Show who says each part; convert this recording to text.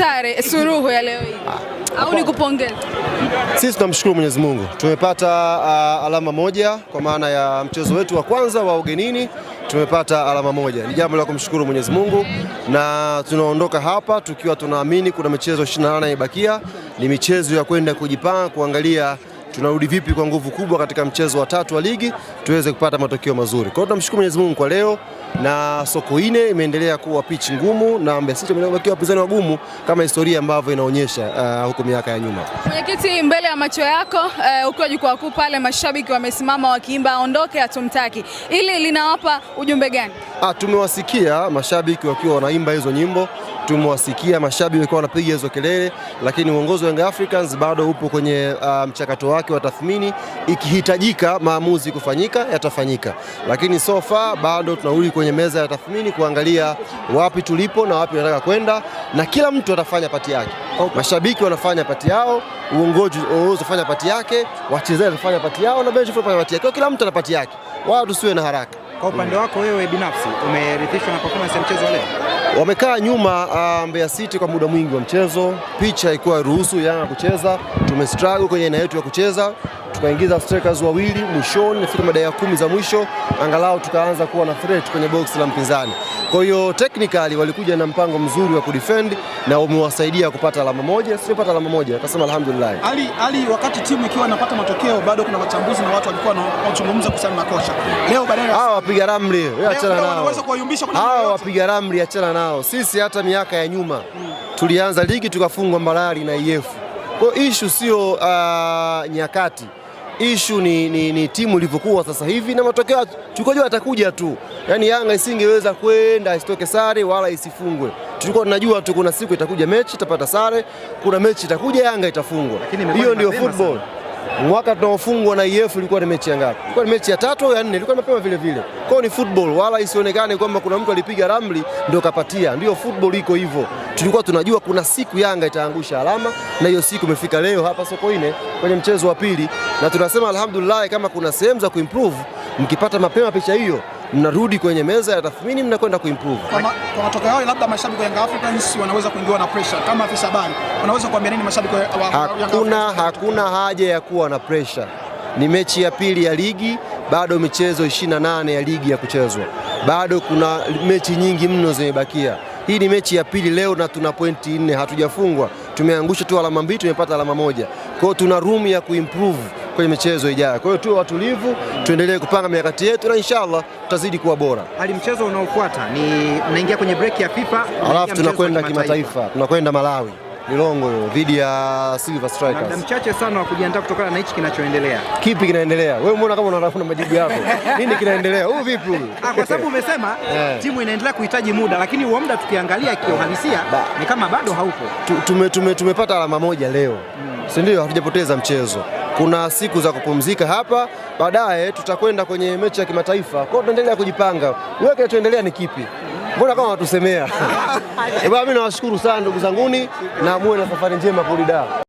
Speaker 1: sare suruhu ya leo hii au ni kupongeza?
Speaker 2: Sisi tunamshukuru Mwenyezi Mungu tumepata uh, alama moja kwa maana ya mchezo wetu wa kwanza wa ugenini tumepata alama moja, ni jambo la kumshukuru Mwenyezi Mungu, na tunaondoka hapa tukiwa tunaamini kuna michezo 28 imebakia, ni michezo ya kwenda kujipanga kuangalia tunarudi vipi kwa nguvu kubwa katika mchezo wa tatu wa ligi tuweze kupata matokeo mazuri. Kwa hiyo tunamshukuru Mwenyezi Mungu kwa leo na Sokoine imeendelea kuwa pitch ngumu na Mbeya City wamebakiwa wapinzani wagumu kama historia ambavyo inaonyesha uh, huko miaka ya nyuma.
Speaker 1: Mwenyekiti, mbele ya macho yako uh, ukiwa jukwaa kuu pale, mashabiki wamesimama wakiimba aondoke, hatumtaki, ili linawapa ujumbe gani?
Speaker 2: Ah, tumewasikia mashabiki wakiwa wanaimba hizo nyimbo, tumewasikia mashabiki wakiwa wanapiga hizo kelele, lakini uongozi wa Young Africans bado upo kwenye ah, mchakato um, wake wa tathmini. Ikihitajika maamuzi kufanyika yatafanyika, lakini so far bado tunarudi kwenye meza ya tathmini kuangalia wapi tulipo na wapi tunataka kwenda, na kila mtu atafanya pati yake. Okay. Mashabiki wanafanya pati yao, uongozi unafanya pati yake, wachezaji wanafanya pati yao, na benchi wanafanya pati yake, kila mtu ana pati yake, wala tusiwe na haraka.
Speaker 3: Kwa upande wako wewe binafsi umeridhishwa na performance ya mchezo leo?
Speaker 2: Wamekaa nyuma uh, Mbeya City kwa muda mwingi wa mchezo, picha haikuwa ruhusu Yanga kucheza, tumestruggle kwenye aina yetu ya kucheza tukaingiza strikers wawili mwishoni, nafika mada ya kumi za mwisho, angalau tukaanza kuwa na threat kwenye box la mpinzani. Kwa hiyo technically walikuja na mpango mzuri wa kudefend na umewasaidia kupata alama moja, pata alama moja, akasema alhamdulillah.
Speaker 1: Ali, Ali, wakati timu ikiwa inapata matokeo bado kuna wachambuzi na watu walikuwa wanazungumza kuhusu na leo badala
Speaker 2: hawa wapiga ramli, wewe achana nao, wanaweza kuwayumbisha kuna hawa wapiga ramli, achana nao. Sisi hata miaka ya nyuma hmm, tulianza ligi tukafungwa Mbarali na IF. Kwa issue sio uh, nyakati ishu ni, ni, ni timu ilivyokuwa sasa hivi na matokeo tulikuwa atakuja tu. Yaani Yanga isingeweza kwenda isitoke sare wala isifungwe. Tulikuwa tunajua tu kuna siku itakuja mechi itapata sare, kuna mechi itakuja Yanga itafungwa. Hiyo ndio football. Mwaka tunaofungwa na IF e ilikuwa ni mechi ya ngapi? Ilikuwa ni mechi ya tatu au ya nne, ilikuwa mapema vile vile. Kwa ni football, wala isionekane kwamba kuna mtu alipiga ramli ndio kapatia. Ndio football iko hivyo tulikuwa tunajua kuna siku Yanga itaangusha alama, na hiyo siku imefika leo hapa Sokoine kwenye mchezo wa pili, na tunasema alhamdulillah, kama kuna sehemu za kuimprove, mkipata mapema picha hiyo mnarudi kwenye meza ya tathmini, mnakwenda kuimprove
Speaker 1: kwa matokeo yao. Labda mashabiki wa Young Africans wanaweza kuingiwa na pressure. Kama afisa habari, wanaweza kuambia nini mashabiki wa Young
Speaker 2: Africans? Hakuna, hakuna haja ya kuwa na pressure. Ni mechi ya pili ya ligi, bado michezo 28 ya ligi ya kuchezwa, bado kuna mechi nyingi mno zimebakia. Hii ni mechi ya pili leo na tuna pointi nne, hatujafungwa, tumeangusha tu alama mbili, tumepata alama moja. Kwa hiyo tuna room ya kuimprove kwenye michezo ijayo. Kwa hiyo tuwe watulivu, tuendelee kupanga mikakati yetu na inshallah tutazidi kuwa bora.
Speaker 3: Hadi mchezo unaofuata ni unaingia kwenye break ya FIFA,
Speaker 2: alafu tunakwenda kimataifa, tunakwenda Malawi. Milongo hiyo dhidi ya Silver Strikers.
Speaker 3: Na mchache sana wa kujiandaa kutokana na hichi kinachoendelea.
Speaker 2: Kipi kinaendelea? Wewe umeona kama unarafuna majibu yako? Nini kinaendelea? huu vipi huyu?
Speaker 1: Ah, kwa sababu umesema yeah, timu inaendelea kuhitaji muda, lakini huo muda tukiangalia kiuhalisia ni kama bado haupo.
Speaker 2: Tumepata tume, alama moja leo Hmm. si ndio? Hatujapoteza mchezo kuna siku za kupumzika hapa, baadaye tutakwenda kwenye mechi ya kimataifa. Kwa hiyo tunaendelea kujipanga. Wewe, kinachoendelea ni kipi? mbona kama watusemea? Mimi nawashukuru sana ndugu zanguni, na muwe na safari njema kurudi Dar.